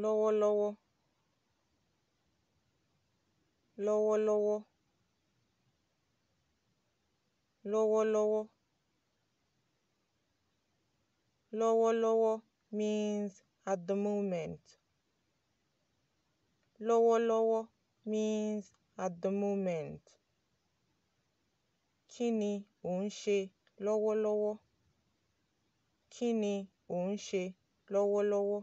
lọ́wọ́lọ́wọ́ lọ́wọ́lọ́wọ́ lọ́wọ́lọ́wọ́ lọ́wọ́lọ́wọ́ means at the moment lọ́wọ́lọ́wọ́ means at the moment kí ni ò ń ṣe lọ́wọ́lọ́wọ́ kí ni ò ń ṣe lọ́wọ́lọ́wọ́